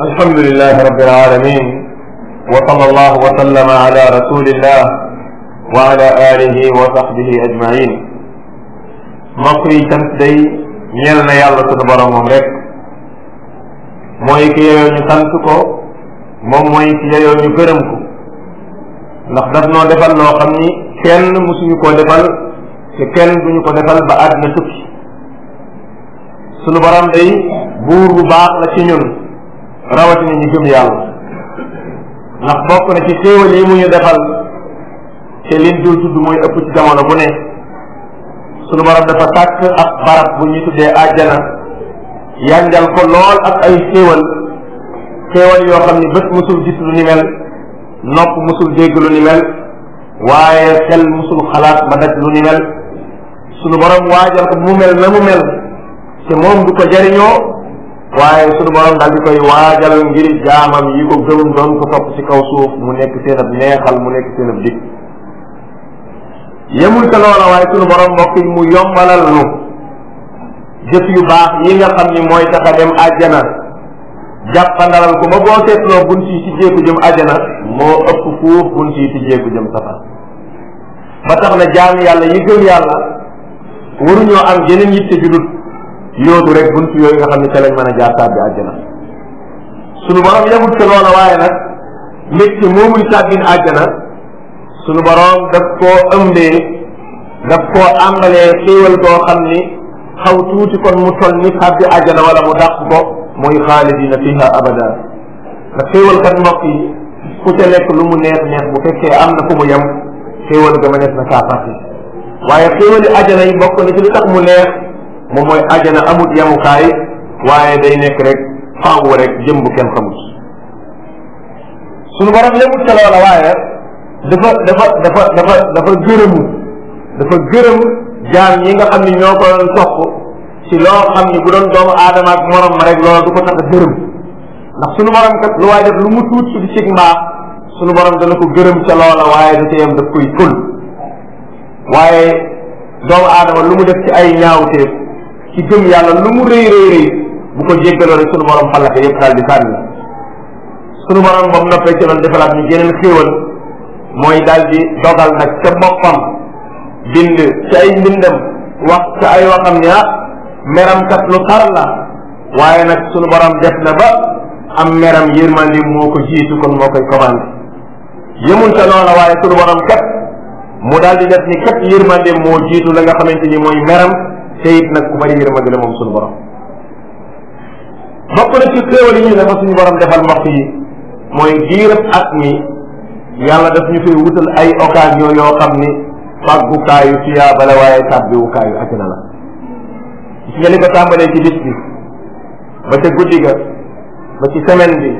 alhamdulilah rabbil alamin wa sallallahu wa sallama ala rasulillah wa ala alihi wa sahbihi ajmain mbokk yi cant day ñeel na yàlla sunu borom moom rek mooy ki yeyoo ñu sant ko moom mooy ki yeyoo ñu gërëm ko ndax daf noo defal loo xam ni kenn musuñu koo defal te kenn duñu ko defal ba àddina tukki sunu borom day buur bu baax la ci ñun rawatina ñu gëm yàlla ndax bokk na ci xéewal yi mu ñu defal te liñ dul tudd mooy ëpp ci jamono bu ne sunu borom dafa tàkk ak barab bu ñuy tuddee àjjana yànjal ko lool ak ay xéewal xéewal yoo xam ni bët musul gis lu ni mel nopp musul dégg lu ni mel waaye xel musul xalaat ba daj lu ni mel sunu borom waajal ko mu mel na mu mel te moom du ko jariñoo waaye suñu borom daal di koy waajal ngir jaamam yi ko gëm doon ko topp ci kaw suuf mu nekk seen ab neexal mu nekk seen ab dig yemul ca loola waaye suñu borom mbokk yi mu yombalal nu jëf yu baax yi nga xam ni mooy tax a dem àjjana jàppandalal ko ba boo seetloo bunt yi ci jéegu jëm àjjana moo ëpp fuuf bunt yi ci jéegu jëm safara ba tax na jaam yàlla yi gëm yàlla waruñoo am yeneen yitte ju yootu rek buntu yooyu nga xam ne ca lañ mën a jaar tàbbi àjjana sunu borom yemul ca loola waaye nag métti moomuy tàbbin àjjana sunu borom daf koo ëmbee daf koo àmbalee xéewal boo xam ni xaw tuuti kon mu toll ni tàbbi àjjana wala mu dàq ko muy xaalidina fiha abada ndax xéewal kat mbokk yi ku ca lekk lu mu neex neex bu fekkee am na fu mu yem xéewal ga ma neex na saa fàtte waaye xéewali yi bokk na ci li tax mu neex moom mooy ajana amut yamukaay waaye day nekk rek faaw rek jëm bu kenn xamut suñu borom yemut ca loola waaye dafa dafa dafa dafa dafa gërëmu dafa gërëm jaam ñi nga xam ni ñoo ko doon topp ci loo xam bu doon doomu aadama ak morom rek du ko tax a ndax suñu borom kat mu tuut ci cig mbaa suñu borom ko gërëm ca loola waaye da ca yem daf koy ful waaye doomu aadama lu mu def ci ay ñaawteef ci gëm yàlla lu mu rëy bu ko jéggaloo rek sunu borom xalaat yëpp daal di sànni sunu borom ba mu noppee ci loolu defalaat ñu yeneen mooy daal di dogal na ca boppam bind ci ay mbindam wax ca ay waxam ne ah meram kat lu xar waaye nag sunu borom def na ba am meram yërmande moo ko jiitu kon moo koy commandé yëmul ca loola waaye sunu borom kat mu daal di def ni kat yërmande moo jiitu la nga xamante mooy meram. te it ku bari yërmande la moom borom bokk na ci xéewal yi ñu dafa suñu borom defal mbokk yi mooy diirab at mi yàlla daf ñu fay wutal ay occasion yo xam ni faggukaayu tuyaaba la waaye tàbbiwukaayu ajjana i gis nga li ko tàmbalee ci bis ba ca guddi ga ba ci semaine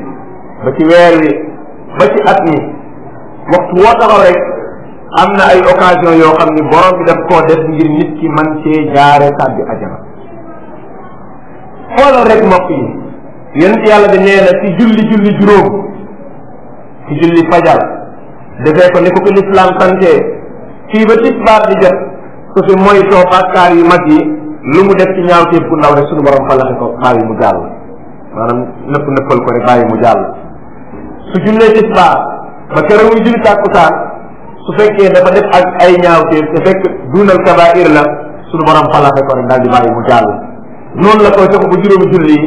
ba ci weer wi ba ci at mi waxtu woo taxaw rek am na ay occasion yoo xam ni borom bi daf koo def ngir nit ki man cee jaare tàbbi ajana xoolal rek mbokk yi yonent yàlla bi nee na ci julli julli juróom ci julli fajar defee ko ni ko ko lislaam sante fii ba tisbaar di jot su fi moytoo bàkkaar yu mag yi lu mu def ci ñaawteef bu ndaw rek suñu borom falaxe ko bàyyi mu jàll maanaam nëpp nëppal ko rek bàyyi mu jàll su jullee tisbaar ba keroog muy julli tàkkusaan su fekkee dafa def ak ay ñaawteef te fekk duunal kabair la suñu borom xalaate ko rek daal di bàyyi mu jàll noonu la koy topp bu juróomi julli yi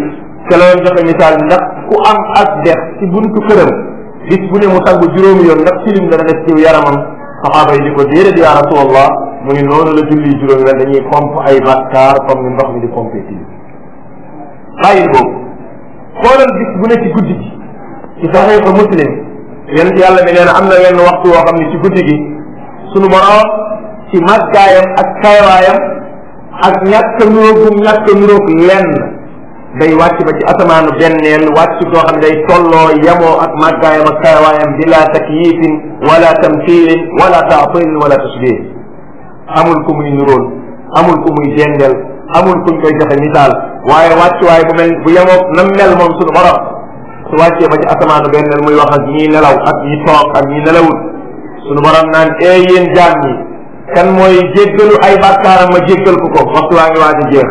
te la joxe misaal ndax ku am ak dex ci buntu këram bis bu ne mu sangu juróomi yoon ndax tilim dana def ci yaramam saxaaba yi di ko déedéet yaa rasulallah mu ni noonu la julli juróomi la dañuy pompe ay bakkaar comme ni ndox mi di pompe tilim bàyyi boobu xoolal bis bu ne ci guddi ci saxiixa muslim yonent yàlla bi nee na am na wenn waxtu woo xam ne ci guddi gi sunu borom ci màggaayam ak kaywaayam ak ñàkk a nuróogum ñàkk a nuróog lenn day wàcc ba ci asamaanu benneel wàcc koo xam ne day tolloo yemoo ak màggaayam ak kaywaayam bila takyifin wala tamthilin wala taatilin wala tashbih amul ku muy nuróol amul ku muy dendeel amul kuñ koy joxe misaal waaye wàccuwaay bu mel bu yemoo nam mel moom sunu borom su wàccee ba ci asamaanu benneel muy wax ak ñi nelaw ak ñi toog ak ñi nelawul sunu borom naan ee eh, yéen jaam ñi kan mooy jéggalu ay bàkkaaram ma jéggal ko ko waxtu waa ngi waaj a jeex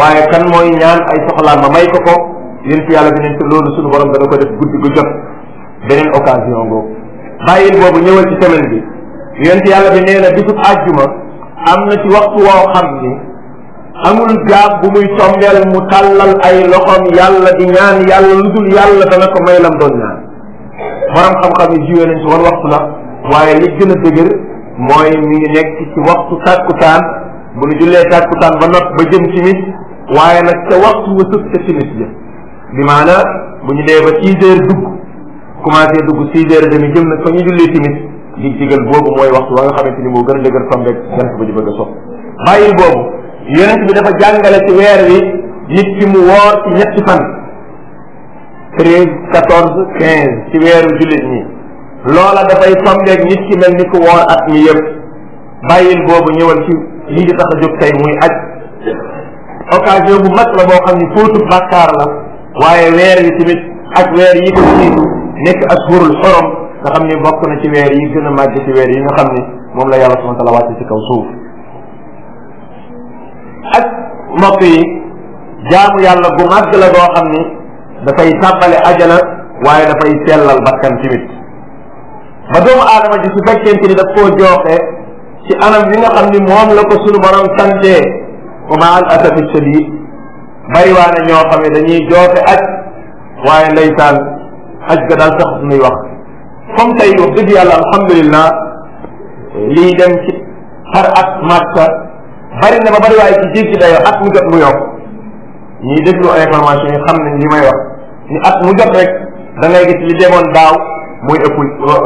waaye kan mooy ñaan ay soxlaam ma may ko ko yéen fi yàlla dinañ ko loolu sunu borom dana ko def guddi gu jot beneen occasion boobu bàyyil boobu ñëwal ci semaine bi yéen fi yàlla bi nee na bisub àjjuma am na ci waxtu woo xam ni amul jaab bu muy tombeel mu tàllal ay loxoom yàlla di ñaan yàlla lu dul yàlla dana ko may lam doon ñaan borom xam-xam yi jiwee nañ ci waxtu la waaye li gën a dëgër mooy mi ngi nekk ci waxtu tàkkutaan bu nu jullee tàkkutaan ba nopp ba jëm timis waaye nag ca waxtu wa sëf ca timis ja bi maana bu ñu dee ba six heures dugg commencé dugg six heures demi jëm na fa ñu jullee timis dig digal boobu mooy waxtu wa nga xamante ni moo gën a dëgër tombeeg jant ba di bëgg a sopp yonent bi dafa jàngale ci weer wi nit mu woor ci ñetti fan treize quatorze quinze ci weeru jullit ñi loola dafay tombeeg nit ki mel ni ku woor at mi yëpp bàyyil boobu ñëwal ci lii di tax a jóg tey muy aj occasion bu mag la boo xam ni fóotu bàkkaar la waaye weer yi tamit ak weer yi ko jiitu nekk ashurul xorom nga xam ni bokk na ci weer yi gën a màgg ci weer yi nga xam ni moom la yàlla subhanahu wa taala ci kaw ak mbokk yi jaamu yàlla bu màgg la boo xam ni dafay tàmbale ajana waaye dafay sellal bakkan tamit ba doomu aadama ji su fekkente ni daf koo jooxe ci anam bi nga xam ni moom la ko sunu borom sante wa ma al asafi shadid bariwaane ñoo xam ne dañuy jooxe aj waaye lay aj ga daal sax nuy wax comme tey wax dëgg yàlla alhamdulillah liy dem ci xar ak màkka bari na ba bari waaye ci jéggi dayoo at mu jot mu yokk ñiy déglu information yi xam nañ li may ni at mu jot rek da ngay gis li demoon daaw mooy ëpp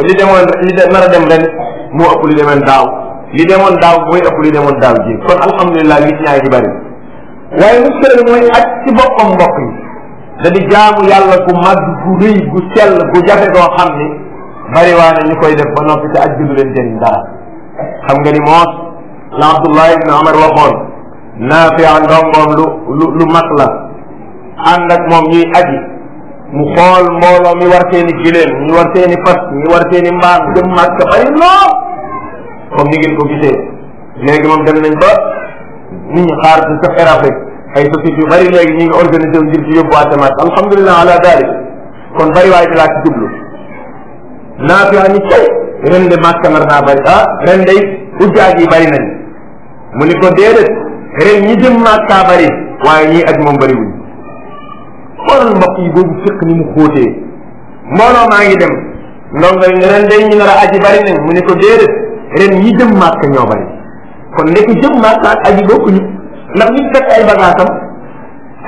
li demoon li nar a dem ren moo ëpp li demoon daaw li demoon daaw mooy ëpp li demoon daaw ji kon alhamdulilah nit ñaa ngi di bari waaye lu tëral mooy aj ci boppam mbokk yi da di jaamu yàlla gu màgg gu rëy gu sell gu jafe goo xam ni bari waa na koy def ba noppi te aj jëlu leen jëriñ dara xam nga moos la abdullah ibn amar waxoon naafia ndongoom lu lu lu mag la ànd ak moom ñuy aji mu xool mbooloo mi war seeni giléem ñu war seeni fas ñu war seeni mbaam jëm màkk bari lool comme ni ngeen ko gisee léegi moom dem nañ ba nit ñi xaar ci sax Air Afrique ay sociétés yu bari léegi ñu ngi organisé ngir ci yóbbu asamaan alhamdulilah ala dalik kon bari waay bi laa ci jublu naafia ni tey ren de màkk nar naa bari ah ren de ujjaaj yi bari nañ mu ni ko déedéet ren ñi jëm Makka bari waaye ñii aj moom bariwuñ xoolal yi boobu fiq ni mu xóotee mbooloo maa ngi dem ndongo yi ren day ñu nar a aji bari nañ mu ni ko déedéet ren ñi jëm Makka ñoo bari kon ndekk jëm Makka ak aji bokkuñu ndax nit fekk ay bagaasam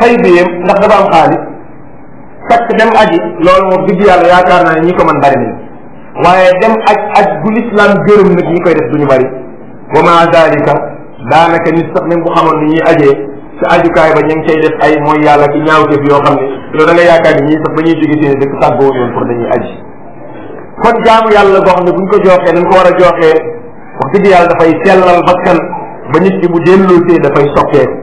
xëy biyam ndax dafa am xaalis takk dem aji loolu moom dëgg yàlla yaakaar naa ne ñi ko mën bari nañ waaye dem aj aj bu lislaam gërëm nag ñi koy def duñu bari wa ma dalika daanaka nit sax même bu xamoon ni ñuy ajee sa ajukaay ba ña ngi cay def ay mooy yàlla ki ñaawteef yoo xam ne loolu da nga yaakaar ñii sax ba ñuy jóge seen dëkk tàggoo yoon pour dañuy aji kon jaamu yàlla goo xam ne buñ ko joxee nañ ko war a joxee wax dëgg yàlla dafay ba bakkan ba nit ki bu delloosee dafay soppeeku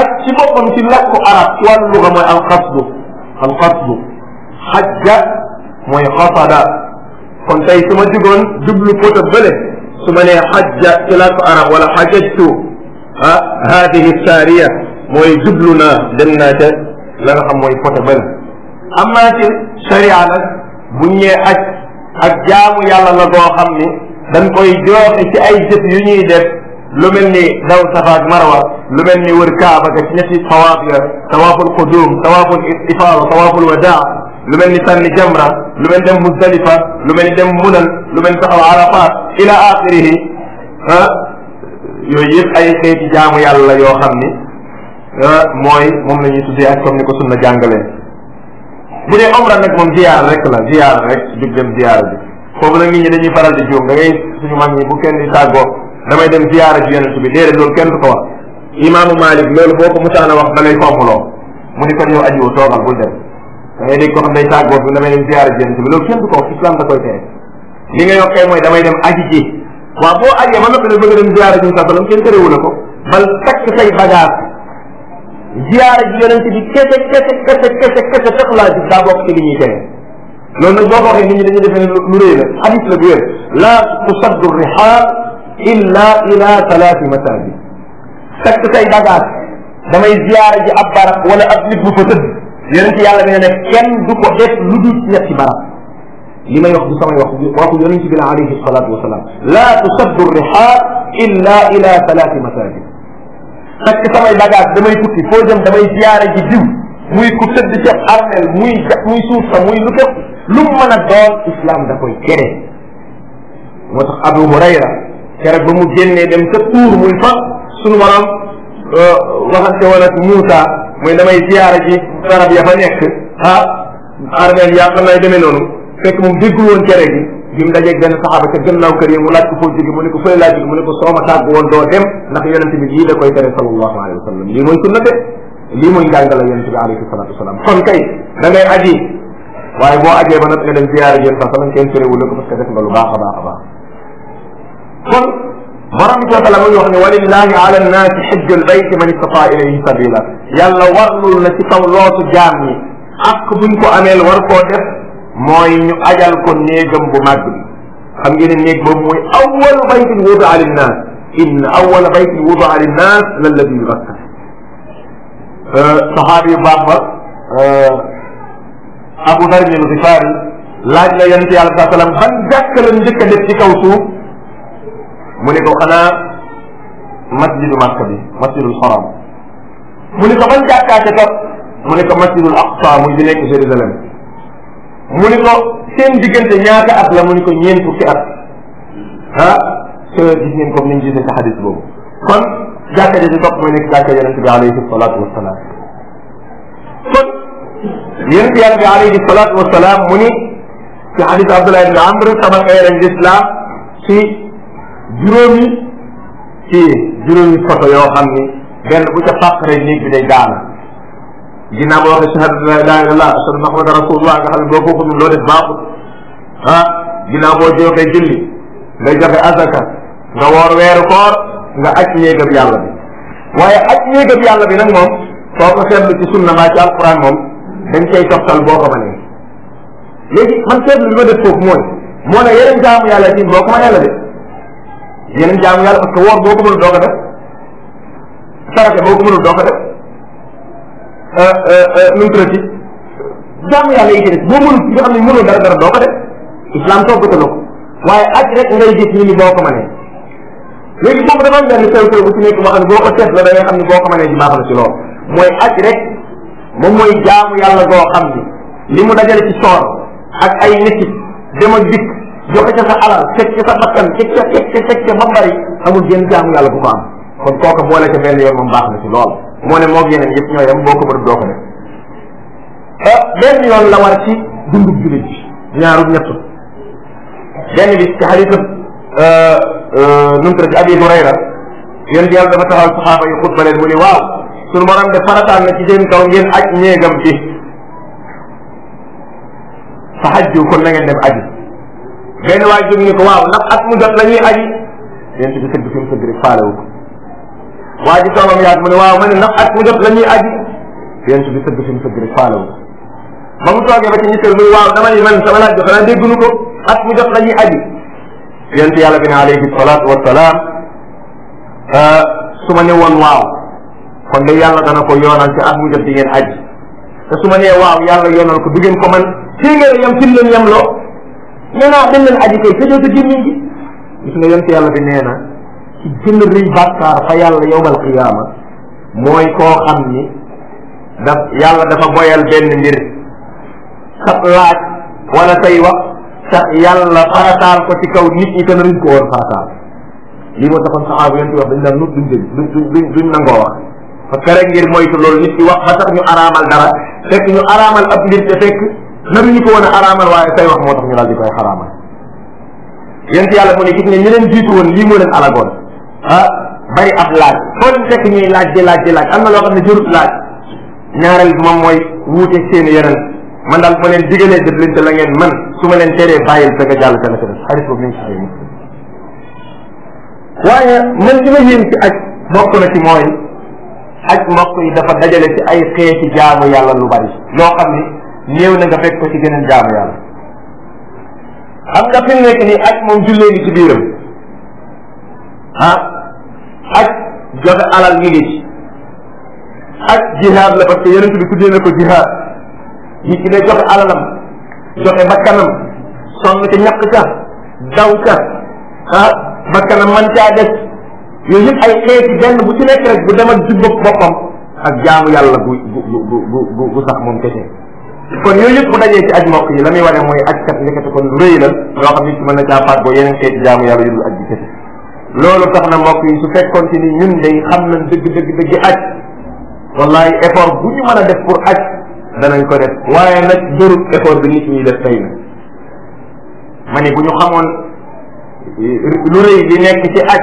ak ci boppam ci làkku arab ci wàllu luga mooy alxasdu alxasdu xajja mooy xasada kon tey su ma digoon jublu pota bële su ma nee xajja ci laa ko arab wala xajajtu ah haadihi saariya mooy jublu naa dem naa ca la nga xam mooy côté bële am naa ci sharia nag bu ñëwee aj ak jaamu yàlla la goo xam ni dañ koy joxe ci ay jëf yu ñuy def lu mel ni daw safa ak marwa lu mel ni wër kaaba ga ci ñetti tawaaf ya tawaaful qudum tawaaful ifaada tawaaful wadaa lu mel ni sànni jamra lu mel ni dem Muzdalifa lu mel ni dem Munal lu mel ni taxaw Arafat ila axirihi ah yooyu yëpp ay xeeti jaamu yàlla yoo xam ni mooy moom la ñuy tuddee ak comme ni ko sunna jàngalee. bu dee omra nag moom ziyaar rek la ziyaar rek jug dem ziyaar bi foofu nag nit ñi dañuy faral di juum da ngay suñu mag ñi bu kenn di tàggoo damay dem ziyaara ji yonent bi déedéet loolu kenn du wax imaamu Malik loolu boo ko musaana wax da lay komploo mu ni kon yow aji woo toogal bul dem da ngay dégg koo xam day tàggoo bi damay dem ziar jënt bi loolu kenn du ko wax islam da li nga yokkee mooy damay dem aji ji waaw boo ajee ba noppi ne bëgg dem ziar jënt sa salam kenn terewu la ko bal takk say bagage ji yonente bi kese kese kese kese kese taxulaa ji daa bokk li ñuy tere loolu nag boo ko waxee nit ne lu rëy la hadis la bu wér la tusaddu rihaal illa ila talaati masajid takk say bagage damay ziar ji ab barab wala ab nit bu fa yonent yàlla bi ne nag kenn du ko def lu dul ci ñetti barab li may wax du samay wax waxu yonent bi la alayhi salaatu wa salaam la tusaddu rihaal illa ila salaati masajid takk samay bagage damay tukki foo jëm damay siyaare ji diw muy ku tëdd ci armel muy ja muy suuf sa muy lu képp lu mu mën a doon islam da koy tere moo tax Abu Hurayra keroog ba mu génnee dem sa tuur muy fa sunu maanaam euh, waxante woon ak Muusa muy damay ziyaara ji barab ya fa nekk ah armeel yaa xam nay demee noonu fekk moom déggul woon cere gi bi mu dajeeg benn saxaaba ca gannaaw kër yi mu laaj ko foo jóge mu ne ko fële laa jóge mu ne ko soo ma tàgg woon doo dem ndax yonente bi lii da koy tere sallallahu alayhi wa sallam lii mooy sunna de lii mooy njàngale yonente bi alayhi salatu wasalaam kon kay da ngay aji waaye boo ajee ba nag nga dem ziyaara ji yéen sa salam kenn terewul ko parce que def nga lu baax a baax a borom bi taala muy wax ne walillahi ala nnaasi xijjul bayti man istataa ilayhi sabila yàlla warlul na ci kaw lootu jaam ñi ak buñ ko ameel war koo def mooy ñu ajal ko néegam bu màgg bi xam ngeen ne néeg boobu mooy awalu baytin wudu ala nnaas in awala baytin wudu ala nnaas lalladi bi bakka euh, saxaabi yu baax ba euh, abu dar al gifaari laaj la yonente yàlla saa salaam ban jàkk la njëkk a def ci kaw suuf mu ne ko xanaa masjidu Makka bi masjidul Haram mu ne ko ban jàkkaa ca topp mu ne ko masjidul Aqsa muy bi nekk Jérusalem mu ne ko seen diggante ñaata at la mu ne ko ñeent fukki at ah te gis ngeen comme ni ñu gisee sa xadis boobu kon jàkka ja di topp mooy nekk jàkka yonente bi alayhi salaatu wasalaam kon yonente yàlla bi alayhi salaatu wasalaam mu ni ci xadis Abdullah ibn Amr sama eran l'islam ci juróomi kii juróomi photo yoo xam ni benn bu ca fàq rek néeg bi day daana ginnaaw boo waxee shahadatu la ilaha illallah ashhadu anna muhammadan rasulullah nga xam ne boo ko xamul loo def baaxul ah ginnaaw boo joxee julli nga joxe azaka nga woor weeru koor nga aj néegam yàlla bi waaye aj yàlla bi nag moom soo ko seetlu ci sunna mbaa ci alquran moom dañ cay toftal boo ko ma def foofu mooy moo ne boo ko ma yàlla def yeneen jaamu yàlla parce que woor boo ko mënul doo ko def sarate boo ko mënul doo ko def euh, euh, euh, nu mu tërati boo ko def na waaye aj rek ngay gis nit ñi boo ko mënee xam ne boo ko seetloo da ngay xam ne na ci loolu mooy aj rek moom mooy jaamu yàlla goo xam ni li mu dajale ci soor ak ay nit dem ak joxe ca sa alal teg ca sa bakkan teg ca bari amul génn jaamu yàlla bu ko kon kooka boole ca benn yoon moom baax na ci lool moo ne moog yeneen yëpp ñoo yem boo ko bëgg doo ko def ah benn yoon la war ci dundub jullit bi ñaarub ñett benn bi ci xaritam euh, euh, nu mu Abi Hurayra yéen yàlla dafa taxawal saxaaba yi xutba leen mu ne waaw sunu borom de farataan na ci seen kaw ngeen aj néegam bi fa xajju kon na ngeen dem aji benn waay jóg ni ko waaw ndax at mu jot la ñuy aji yéen bi sëgg fi mu sëgg rek faalewu ko waa ji toogam yaat mu ne waaw ma ne ndax at mu jot la ñuy aji yéen bi sëgg fi mu sëgg rek faalewu ko ba mu toogee ba ci ñitteel muy waaw damay man sama laaj bi xanaa déggunu ko at mu jot la ñuy aji yonent yàlla bi ne alayhi salaatu wasalaam ah, su ma ne woon waaw kon de yàlla dana ko yoonal ci at mu jot di ngeen aji te su ma nee waaw yàlla yoonal ko du ngeen ko man fii ngeen yem fi leen yemloo nee naa dañ leen aji koy tëjoo sa gémmiñ nga yonte yàlla bi nee na ci gën a rëy bàkkaar fa yàlla yowmal qiyaama mooy koo xam daf yàlla dafa boyal benn mbir sab laaj wala say wax sa yàlla ko ci kaw nit ñi te naruñ ko woon farataal lii moo taxoon saxaaba yonte wax dañ naan nut duñ dégg duñ duñ duñ nangoo loolu wax ba dara fekk ñu araamal ab mbir te naruñu ko woon a xaraamal waaye say wax moo tax ñu daal di koy xaraamal yéen ci yàlla mu ne gis nga ñi leen jiitu woon lii moo leen alagoon ah bari ab laaj foo leen fekk laaj di laaj di laaj am na loo xam ne jërut laaj ñaareel bi moom mooy wuute seeni yeneen man daal ma leen digalee def leen te la ngeen man su ma leen teree bàyyil daga nga jàll te la ko def xarit waaye man li ma yéen ci aj bokk na ci mooy aj mbokk yi dafa dajale ci ay xeeti jaamu yàlla lu bari loo xam ni néew na nga fekk ko ci geneen jaamu yàlla xam nga fi mu nekk nii moom jullee ngi ci biiram ah aj joxe alal ngi ci aj jihaad la parce que yonent bi tuddee na ko jihaad yi ci ne joxe alalam joxe bakkanam song ca ñàkk ca daw ca ah bakkanam man caa des yooyu yëpp ay xeeti benn bu ci nekk rek bu demal jubbab boppam ak jaamu yàlla bu bu bu moom kese kon yooyu yëpp bu dajee ci aj mbokk yi la muy wane mooy aj kat nekkati kon lu rëy la loo xam ne ci mën na caa faat boo yeneen xeeti jaamu yàlla yudul aj bi kati loolu tax na mbokk yi su fekkoon ci ni ñun day xam nañ dëgg dëgg dëgg aj wallaay effort bu ñu mën a def pour aj danañ ko def waaye nag jërut effort bi nit ñi def tey na ma bu ñu xamoon lu rëy li nekk ci aj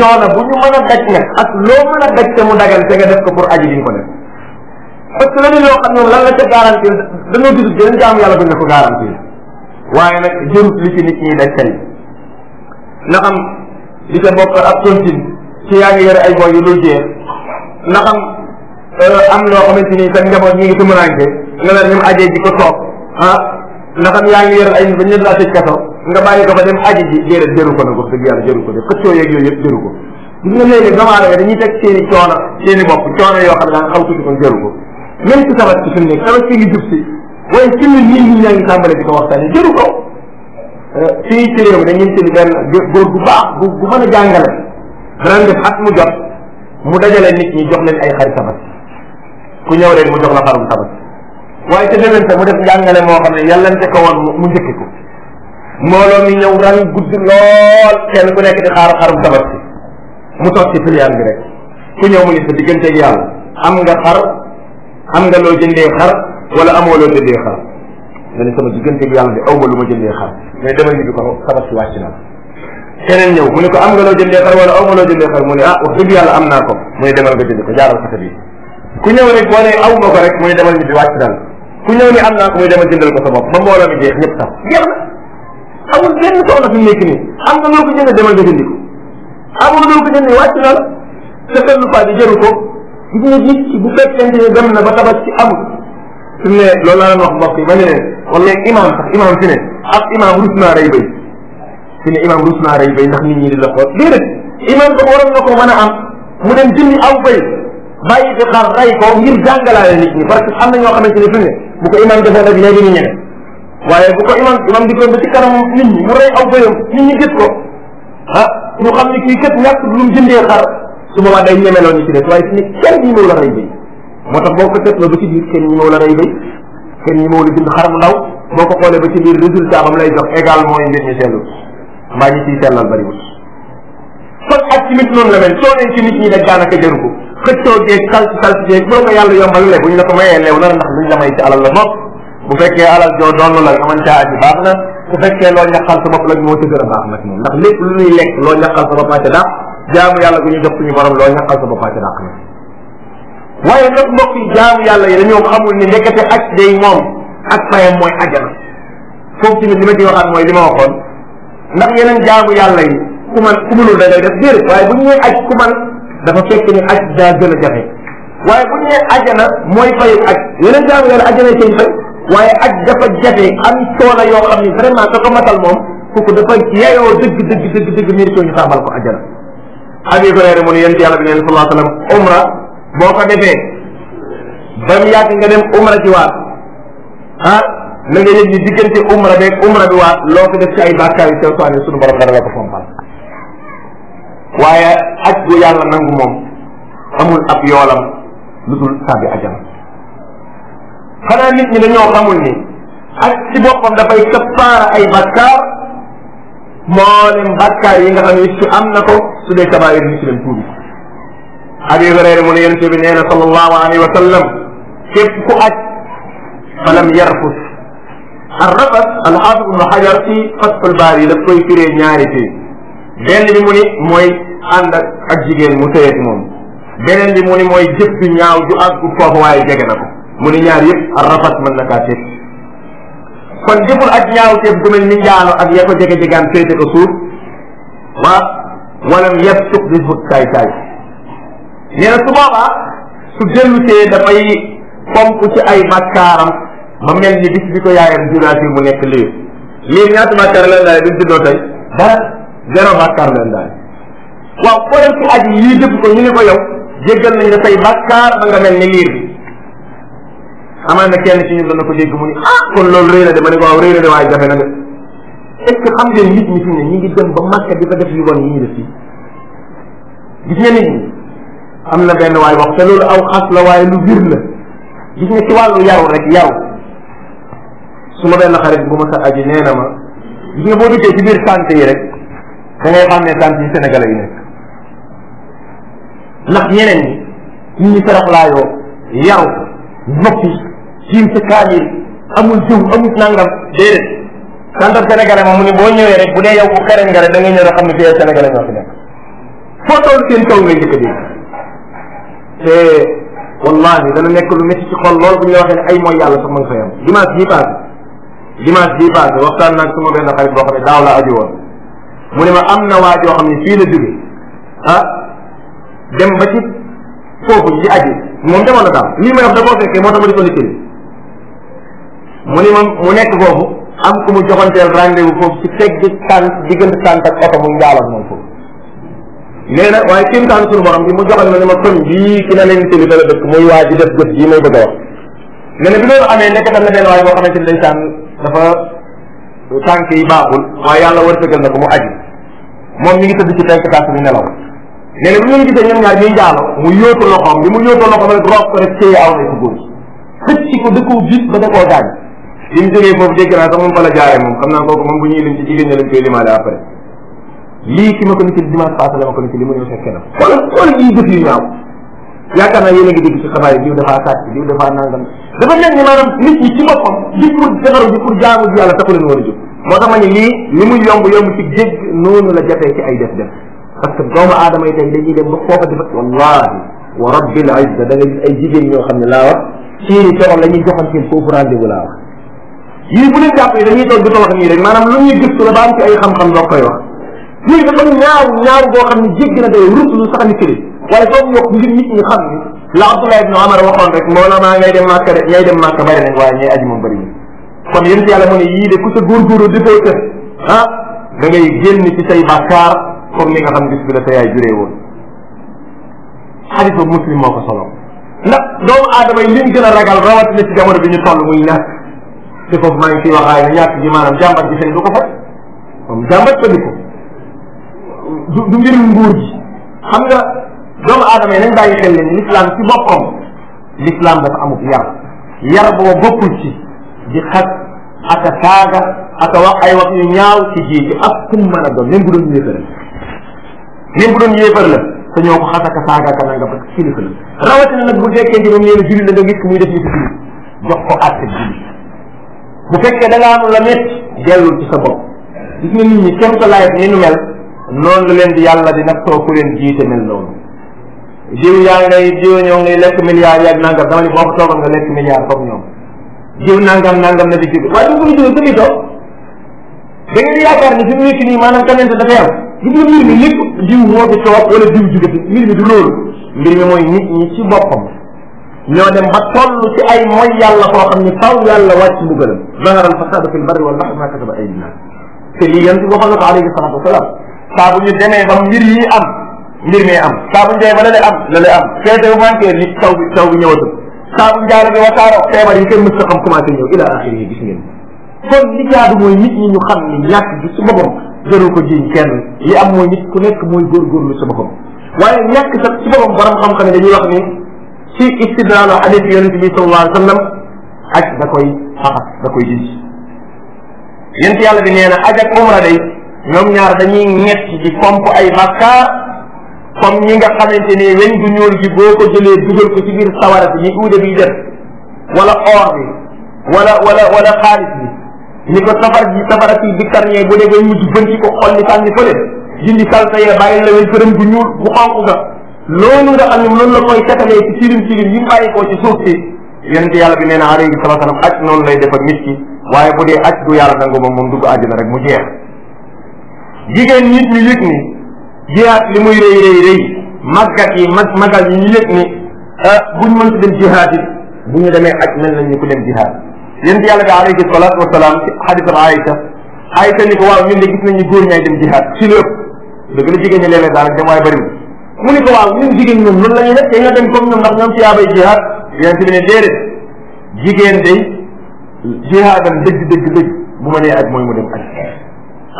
coono bu ñu mën a daj nag ak loo mën a daj te mu dagal te nga def ko pour aji di ko def parce que leneen yoo xam ñoom lan la ca garanti dañoo gis jëriñ jaamu yàlla bañ la ko garanti waaye nag jërut li ci nit ñi dañ tey na xam li ca bokk ak tontine ci yaa ngi yore ay mooy yu luy jeex na euh, am loo xamante ni sa njaboot ñi ngi tumurànke nga leen dem aje ji ko toog ah na xam yaa ngi yore ay nit ba ñëpp laa tëj kaso nga bàyyi ko fa dem aje ji déedéet jëru ko nag wax yàlla jëru ko de xëccoo yeeg yooyu yëpp jëru nga léegi doomu aadama dañuy teg seen i coono seen bopp coono yoo xam ne daa nga ko jëru ko même si tabaski fi mu nekk tabaski ngi jub si waaye ci la nit ñi ñaa ngi tàmbale di ko waxtaanee jëru ko fii euh, ci réew dañuy jël góor gu baax bu bu mën a jàngale danañ def at mu jot mu dajale nit ñi jox leen ay xari ku ñëw rek mu jox la xarum tabaski waaye te déwén sa mu def jàngale moo xam ne yàllante ko woon mu njëkki ko mbooloo mi ñëw ran gudd lool kenn ku nekk di xaar xarum tabaski mu toog ci piliyaan bi rek ku ñëw mu ni sa digganteeg yàlla am nga xar am nga loo jëndee xar wala amoo loo jëndee xar nga ne sama diggante bi yàlla de aw ma lu ma jëndee xar nga ne demal ñibbi ko sama si wàcc na keneen ñëw mu ne ko am nga loo jëndee xar wala aw ma loo jëndee xar mu ne ah wax dëgg yàlla am naa ko mu ne demal nga jënd ko jaaral côté bi ku ñëw rek boo nee aw ma ko rek mu ne demal ñibbi wàcc na ku ñëw ni am naa ko muy demal jëndal ko sa bopp ba mbooloo mi jeex ñëpp sax jeex na amul benn soxla fi mu nekk nii am nga loo ko jënd demal nga jëndi ko amul loo ko jënd wàcc na la sa fellu paa bi jëru ko gis nga nit bu fekkente ne dem na ba tabaski amul su ne loolu laa leen wax mbokk yi ma ne leen wala imaam sax imaam fi ne ak imaam rus naa rey bay fi ñi di la xool déedéet imaam sax waroon na ko mën a am mu dem jëndi aw bay bàyyi fi xar rey ko ngir jàngalaale nit ñi parce que am na ñoo xamante ne fi ne bu ko imaam defoon rek léegi ñu ñeneen waaye bu ko imaam imaam di ko ba ci kanam nit ñi mu rey aw bayam nit ñi gis ko ah ñu xam ne kii kat ñàkk lu mu jëndee xar su boobaa day ñemeloo ñu ci des waaye fi ne kenn ñi moo la rey moo tax boo ko seetloo ba ci biir kenn ñi moo la rey bay kenn ñi moo la bind xaram ndaw boo ko xoolee ba ci biir résultat ba mu lay jox également yi ngir ñu seetlu mbaa ñi ciy sellal bariwul kon ak ci nit noonu la mel soo nee ci nit ñi nag daanaka jëru ko xëccoo geeg sal sal geeg boo ko yàlla yombal le bu ñu la ko mayee leew na ndax luñ la may ci alal la bopp bu fekkee la nga mën caa aji baax na bu fekkee loo ñaqal sa bopp la moo ci gën a baax nag moom ndax lu ñuy lekk loo ñaqal sa bopp jaamu yàlla gu ñu jox suñu borom loolu ñaqal sa boppaa ci dàq na waaye nag mbokk yi jaamu yàlla yi dañoo xamul ni nekkate aj moom ak fayam mooy ajana foofu tamit li ma ci waxaat mooy li ma waxoon ndax yeneen jaamu yàlla yi ku man ku mënul da ngay def waaye bu ñu nee aj ku man dafa fekk ni aj daa gën a waaye bu ñu nee ajana mooy fayu aj yeneen jaamu yàlla ajana yi seen fay waaye aj dafa jafe am coono yoo xam ni vraiment ka ko matal moom kooku dafa yeeyoo dëgg dëgg dëgg dëgg mérito ñu sàmbal ko ajana Abi Hurayra mu ne yonent yàlla bi neen sallallahu alayhi wa boo ko defee ba mu nga dem umra ci waat ah na nga yëg ni diggante umra beeg umra bi waat loo ko def ci ay bàkkaar yu sew soo ne suñu borom dara la ko fompal waaye aj bu yàlla nangu moom amul ab yoolam lu dul tàbbi ajana xanaa nit ñi dañoo xamul ni aj ci boppam dafay kappaara ay bàkkaar mboolem bàkkaar yi nga xam ne nit ki am na ko su dee kabaayir nit ki dem tuubi abi hurayra mu ne yonente bi nee na sallallahu alayhi wa sallam képp ku aj falam yarfus ar rafas alxaafis ibnu xajar ci fathul baari daf koy firee ñaari fii benn bi mu ni mooy ànd ak ak jigéen mu tëyeeg moom beneen bi mu ni mooy jëf ju ñaaw ju àggu foofu waaye jege na ko mu ni ñaar yëpp ar rafas mën na kaa tekki kon jëful ak ñaaw gu mel ni njaalo ak ya ko jege jegaan féete ko suuf wa walam yafsuq di fut saay saay nee na su boobaa su dellusee dafay pomp ci ay makkaaram ba mel ni bis ko yaayam juraati mu nekk lii lii ñaata makkaar leen daal bi ñu tuddoo tey dara makkaar leen daal waaw ko dem ci aji yii dëpp ko ne ko yow jéggal nañ la say bakkaar ba nga mel ni liir bi amaan na kenn ci ñun ko dégg mu ni ah kon loolu rëy na de ma ne ko waaw de waaye jafe na de est ce que xam ngeen nit ñi fi ne ñi ngi dem ba màkka di fa def yu bon yi ñu fii gis nga nit am na benn waay wax te loolu aw xas la waaye lu bir la gis nga ci wàllu yaru rek yaru su ma benn xarit bu ma sa aji nee na ma gis nga boo duggee ci biir sant yi rek da ngay xam ne sant yi sénégalais yi nekk ndax ñeneen ñi nit ñi saraxlaayoo yaru noppi jiim ci kaamil amul jum amul nangam déedéet santab sénégalais moom mu ne boo ñëwee rek bu dee yow ku xereñ nga rek da ngay ñëw rek xam ne fii ay sénégalais ñoo fi nekk foo toll seen kaw lu métti ci xol bu ñu ay mooy yàlla sax ma nga fay am dimanche bii passé dimanche bii passé waxtaan naag suma benn xarit boo xam ne daaw laa aju woon mu ne ma am na waa joo xam ne fii la jóge ah dem ba ci foofu ji aji moom demoon na daal lii may wax da koo fekkee moo tax ma di ko liggéey mu ni moom mu nekk foofu am ku mu joxanteel rendez-vous foofu ci tegg tànn diggante tànn ak oto muy njaalal moom foofu nee na waaye kéem taan suñu borom bi mu joxal ma kon bii ki na leen tëli fa la dëkk muy waa ji def gët bii may bëgg a wax nee na bi loolu amee nekk tam na benn waaye boo xamante ni ndeysaan dafa tànk yi baaxul waaye yàlla war wërsëgal na ko mu aju moom mi ngi tëdd ci tegg tànk bi nelaw nee na bi ngeen gisee ñoom ñaar mu yóotu loxoom bi mu yóotu loxoom rek ko ko góor xëcc ko dëkku da koo gaañ bi mu jógee foofu dégg naa sax moom fa la jaare ki na xool xool yii jëf yu ñaaw yaakaar naa yéen a ngi dégg ci xabaar yi diw dafaa sàcc diw dafaa nangam dafa mel ni ci yàlla taxu leen war moo tax ma ne la jafee ay def def parce que doomu aadama yi tey dañuy dem ba foofa di fekk wallahi wa rabbil da nga gis ay jigéen ne laa la ñuy joxanteel foofu rendez laa yii bu leen jàpp yi dañuy toog di ko wax nii rek maanaam lu ñuy gëstu la ba am ay xam-xam doo koy wax lii dafa ñaaw ñaaw boo xam ne jéggi na day rus lu sax ni këri waaye soo yokk ngir nit ñi xam ni la Abdullah ibn Omar waxoon rek mbooloo maa ngay dem màkk de ngay dem màkk bari nañ moom bari kon yéen yàlla mu ne yii de ku sa góorgóorlu defoo ca ah da ngay génn ci say bàkkaar comme ni nga xam gis bi la sa yaay juree woon xadis boobu muslim ma ko solo ndax doomu aadama yi liñ gën a ragal rawatina ci bi ñu toll muy ñàkk te foofu maa ngi ciy waxaay ne ñàkk ji maanaam jàmbat ji fay du ko faj moom jàmbat ko di ko du du mbirum nguur ji xam nga doomu aadama yi nañ i xel ne l'islam ci boppam l'islam dafa amul yar yar boo bokkul ci di xas aka saaga aka wax ay wax yu ñaaw ci jii ci ak kum a doon même bu doon yéefar la même bu doon yéefar ñoo ko xas aka saaga aka nanga parce que kilifa la rawatina nag bu dekkee juróom nee na julli la nga gis ko muy def ñu ko julli jox ko àtte julli bu fekkee da nga la métti dellul ci sa bopp gis nga nit ñi kéem sa laayet ni nu mel noonu la leen di yàlla di nag ku leen jiite mel noonu jiw yaa ngay jiw ñëw ngay lekk milliards yaag nangam dama ni boo ko toogoon nga lekk milliards comme ñoom jiw nangam nangam na di jiw waaye bu ko jiw tamit toog da ngeen di yaakaar ni fi mu nekk nii maanaam tamit dafay am gis nga mbir mi lépp jiw moo fi toog wala jiw jóge fi mi du loolu mbir mi mooy nit ñi ñoo dem ba toll ci ay mooy yàlla koo xam ni faw yàlla wàcc mbugalam zahara al fasada fi l barri ma kasaba aydi nas te lii yan ci waxoon na ko alayhi salatu ba mbir yi am mbir mi am saa bu ñu demee ba lale am lale am feete bu manqué nit taw bi taw bi ñëwatu saa bu njaalo bi wasaaroo feebar yi kenn mës ta xam commencé ñëw ila axiri yi gis ngeen kon li jaadu mooy nit ñi ñu xam ni ñàkk gi su boppam jëru ko jiñ kenn ku nekk mooy góorgóorlu sa boppam waaye ñàkk sa su boppam borom xam-xam ci istidlaalu xadis yonente bi sallallahu alayhi wa sallam aj da koy faxas da koy dindi yent yàlla bi nee na aj ak umra day ñoom ñaar dañuy ñett di pomp ay bàkkaar comme ñi nga xamante ne weñ gu ñuul gi boo ko jëlee dugal ko ci biir sawara bi ni uude bi def wala or bi wala wala wala xaalis bi ni ko safar ji safara si bi karñee bu dee ba ñu jubbanti ko xolli sànni fële dindi salta yee bàyyi la weñ fërëm gu ñuul bu xonq ga loolu nga xam ne noonu la koy tetalee ci tilim tilim yi bàyyi koo ci suuf si yonente yàlla bi nee na alayhi salaatu salaam aj noonu lay def ak nit ki waaye bu dee aj du yàlla nangu moom moom dugg àjjana rek mu jeex jigéen nit ñu yëg ni jihaat li muy rëy rëy rëy màggat yi mag magal yi ñu yëg ni ah, buñ mën si dem jihaat it bu ñu demee aj mel nañ yàlla bi alayhi salaatu wasalaam ci xadisam Aïcha Aïcha gis nañ ñi góor ñaay dem jihaat ci lépp dëgg la jigéen ñi léeg-léeg daal mu ni ko waaw ñun jigéen ñoom noonu la ñuy def te nga dem comme ñoom ndax ñoom tiyaabay jihaad yonent bi ne déedéet jigéen day jihaadam dëgg dëgg dëgg bu ma nee aj mooy mu dem aj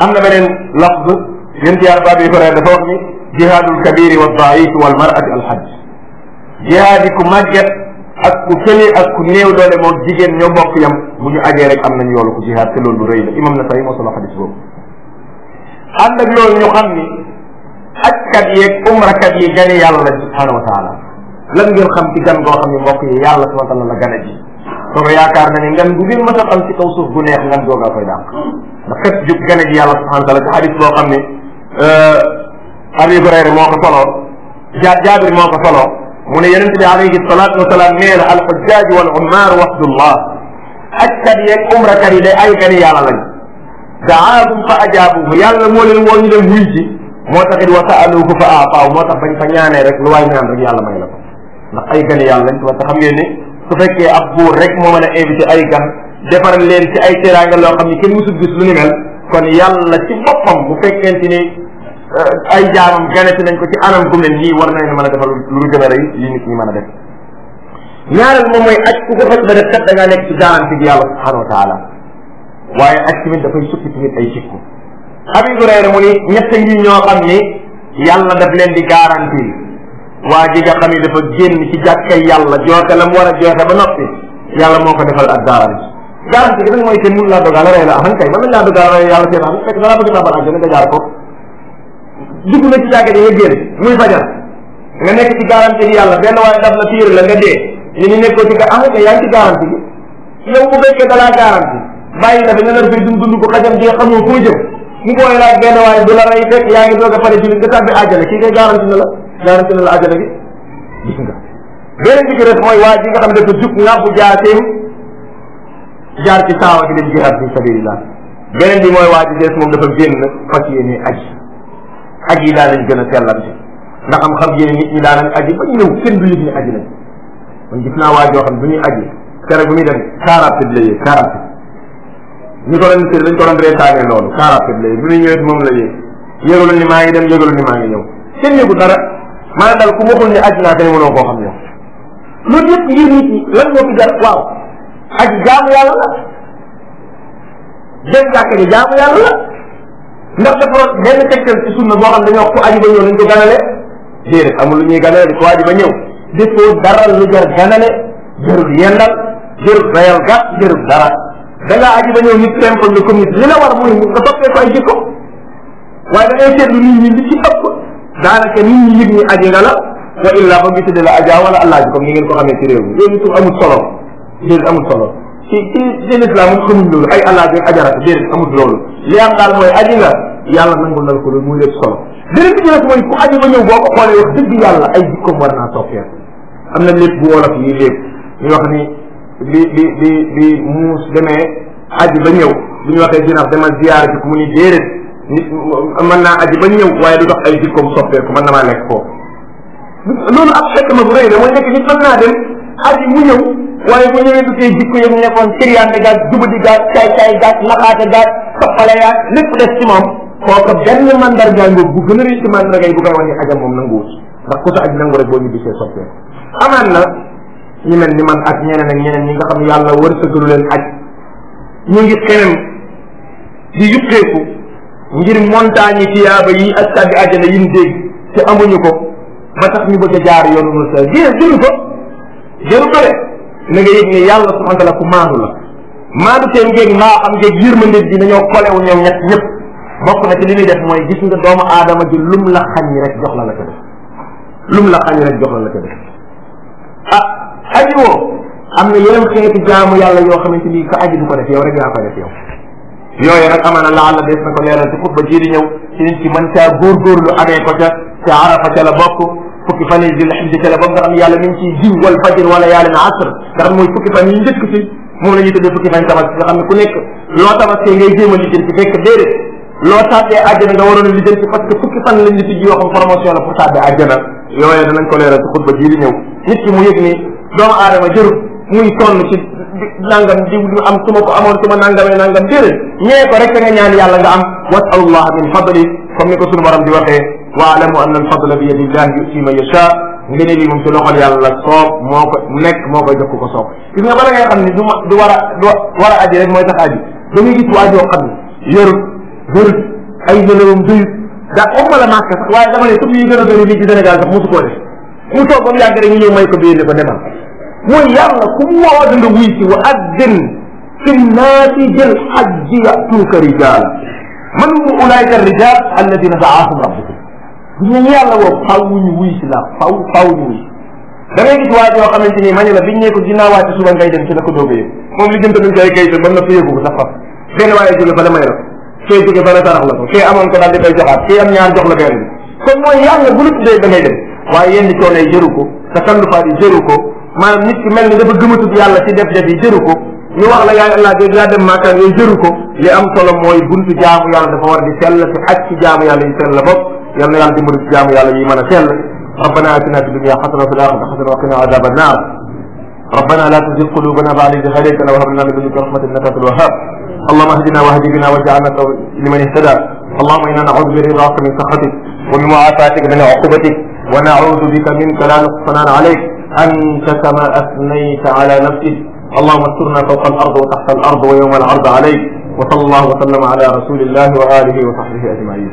am na beneen lafz yonent yàlla Abii Hurayra dafa wax ni jihaadul kabiri wa daif wal marati al hajj jihaad yi ku màgget ak ku fële ak ku néew doole moom jigéen ñoo bokk yam bu ñu ajee rek am nañ yoolu ku jihaad te loolu lu rëy la imam Nasaa'i moo solo xadis boobu ànd ak loolu ñu xam ni ajkat yeeg umrakat yi gane yàlla la subhanahu wa taala lan ngeen xam ci gan goo xam ne mbokk yi yàlla subhanahu wa taala la gane ji kon yaakaar na ne ngan bu ngeen mës a xam ci kaw suuf gu neex ngan googaa koy dàq ndax kat jub gane ji yàlla subhanahu wa taala ci hadis boo xam ne euh, Abi Hurayra moo ko soloo ja jaabir moo ko soloo mu ne yonente bi alayhi salatu wasalaam nee na alxujjaaj wal ummar waxdullah ajkat yeeg umrakat yi day ay gane yàlla lañ daaahum fa ajaabuhu yàlla moo leen woo ñu leen wuy ci moo tax it wa saaluhu fa aataaw moo tax bañ fa ñaanee rek lu waay ñaan rek yàlla may la ko ndax ay gan yàlla lañ parce que xam ngeen ne su fekkee ab buur rek moo mën a invité ay gan defaral leen ci ay teraanga loo xam ne kenn musul gis lu ni mel kon yàlla ci boppam bu fekkente ni eh, ay jaamam ganati nañ ko ci anam gu mel nii war nañu mën a defal lu gën a rëy li nit ñi mën a def ñaareel moom mooy aj ku ko fas ba def kat da ngaa nekk ci garanti bi yàlla subhanahu wa taala waaye aj tamit ay Abi Hurayra mu ni ñett ngi ñoo xam ni yàlla daf leen di garanti waa ji nga xam ni dafa génn ci jàkkay yàlla joote la mu war a joote ba noppi yàlla moo ko defal ak garanti garanti gi nag mooy kenn mun laa dogal rey la ahan kay mën nañ laa dogal rey yàlla seen am fekk dara bëgg naa balaa nga jaar ko dugg na ci jàkka ji nga génn muy fajar nga nekk ci garanti bi yàlla benn waaye daf la tiir la nga dee ñu ni nekkoo ci ah, garanti bi yow bu fekkee dalaa garanti bàyyi na fi nga nar fay dund dund ko xajam ji nga ki koy laaj benn waaye du la rey fekk yaa ngi a pare jullit nga la garanti na la àjjana gi gis nga beneen bi mooy waa ji nga xam ne dafa jug nàmp jaaseem jaar ci saawa gi dem jihaad fi sabilillah beneen bi mooy waa ji des moom dafa génn fas yéene aji aji yi daa lañ gën a sellante ndax am xam yéene nit ñi aji ba ñu ñëw kenn du yëg ne aji nañ man gis naa waa joo xam du ñuy aji kere bu muy dem quarante lay quarante ñi ko doon kër dañ ko doon reetaane loolu car rapide lay bi muy ñëwee moom la yéeg yëgalul ni maa ngi dem yëgalul ni maa ngi ñëw kenn yëgu dara maanaam daal ku waxul ne aj naa te ne mënoo koo xam yow loolu yëpp ngir nit ñi lan moo fi jar waaw aj jaamu yàlla la dem jàkk ni jaamu yàlla la ndax dafa benn tegtal ci sunna boo xam dañoo ku aju ba ñëw nañ ko ganale déedéet amul lu ñuy ganale di ko aju ba ñëw defoo dara lu jar ganale jarul yendal jarul rayal gàtt jarul dara da ngaa aji ba ñëw nit simple la comme li la war muy nga toppee ko ay jikko waaye da ngay seetlu nit ñi li ci la wa illaa ba ngi tuddee la ajaa wala allah ji comme ni ngeen ko xamee ci réew mi yooyu tur amul solo déedéet amul solo ci ci ci l'islam moom xamuñ loolu ay allah ak ajarata déedéet amul loolu li am daal mooy aji nga yàlla nangul ko loolu muy lépp solo beneen bi ci des mooy ku aji ba ñëw boo ko xoolee wax dëgg yàlla ay jikkoom war naa toppee am na lépp bu wolof yi lépp ñu wax ni li li li li muus demee aji ba ñëw bu ñu waxee jinax dama ziyaar ji ku mu ni déedéet naa aji ba ñëw waaye du dox ay jikkoom soppeeku man na maa nekk foofu loolu ab xekkma bu rëy la mooy nekk nit mën naa dem aji mu ñëw waaye bu ñëwee du tee jikko yëpp nekkoon siriyaan gaag jubadi gaag caay caay gaag naxaate gaag toppale yaag lépp des ci moom kooku benn mandarga nga bu gën a rëy ci mandarga yi bu koy wane ajam moom nanguwut ndax ku sa aj nangu rek boo ñu bisee soppeeku amaan na ñu mel ni man ak ñeneen ak ñeneen ñi nga xam ne war wërsëgalu leen aj ñu ngi xeneen di yuppeeku ngir montagne yi tiyaaba yi ak tàbbi ajana yi ñu dégg te amuñu ko ba tax ñu bëgg a jaar yoonu Moussa jéem jëru ko jëru na yàlla subhanahu wa ku maandu la maandu géeg maa am géeg yërmande bi dañoo kolewu ñoom ñett ñëpp bokk na ci li muy def mooy gis nga doomu aadama ji lum la xañ rek jox la la ko def lum la xañ rek jox la la ko def ah, aji woo am na yeneen xeeti jaamu yàlla yoo xamante ni ko aji du ko def yow rek yaa ko def yow yooyu nag amaana la àlla des na ko leeral ci xutba ji di ñëw ci nit ki mën caa góorgóorlu amee ko ca ca arafa ca la bokk fukki fan yi dil xijja ca la bokk nga xam ne yàlla mi ngi ciy jiw wal fajr wala yàlla na asr nga xam mooy fukki fan yi njëkk ci moom la ñuy tuddee fukki fan tabaski nga xam ne ku nekk loo tabaskee ngay jéem a lijjanti ci fekk déedéet loo tàbbee àjjana nga waroon a lijjanti parce que fukki fan lañ la ci ji yoo xam promotion la pour tàbbee àjjana yooyu danañ ko leeral ci xutba ji di ñëw nit ki mu yëg ni doomu aadama jëru muy sonn ci nangam diw lu am su ma ko amoon su ma nangamee nangam déedéet ñee ko rek da nga ñaan yàlla nga am wasalullah min fadli comme ni ko sunu borom di waxee waalamu anna al fadla bi yadillah yuti man yasha ngëneel yi moom ci loxol yàlla soob moo ko nekk moo ko jox ko soob gis nga bala ngay xam ni du ma du war a du war a rek mooy tax aji da ngay gis waa joo xam ni yorut yorut ay jëlewam doyut daa waxuma sax waaye dama ne sëb yi gën a bëri lii ci Sénégal sax mosu mu toog ba mu yàgg rek ñu ma may ko bii ne ko demal mooy yàlla ku mu woo da nga wuy si wa addin fi naasi jël ajji yatuuka rijaala man mu ulaayka rijaal alladina daahum rabbukum ñun yàlla woo faaw ñu wuy si la faaw faaw ñu wuy da ngay gis waa yoo xamante ni ma ne la biñ ne ko dinaa wàcc suba ngay dem ci la ko doog a yëg moom li jëm tamit ay kayit ba na fa yëgu ko sax faf benn waaye jóge fa la may la kee jóge fa la sarax la ko kee amoon ko daal di koy joxaat kee am ñaar jox la benn bi kon mooy yàlla bu la tuddee da ngay dem waaye yenn coono yi jëru ko takallufaat yi jëru ko maanaam nit ki mel ni dafa gëmatut yàlla ci def-def yi jëru ko ñu wax la yaay allah jooju yaa dem màkkaan yooyu jëru ko li am solo mooy buntu jaamu yàlla dafa war di sell ci aj ci jaamu yàlla yi sell la bopp yal na yàlla dimbali ci jaamu yàlla yi mën a sell rabbana atina fi dunya xasana fi laaxirati xasana wa qina adaba annaar ربنا لا تزغ قلوبنا بعد إذ هديتنا وهب لنا من لدنك رحمة إنك أنت الوهاب اللهم اهدنا واهد بنا واجعلنا لمن اهتدى اللهم إنا نعوذ برضاك من سخطك ومن معافاتك من عقوبتك ونعوذ بك منك لا نقصان عليك anta kama asnayta ala nafsik allahuma asturna fawqa al ard wa taxta al ard wa yowma al ard alayk wa sallallahu wa sallama ala rasulillahi wa alihi wa sahbihi ajmain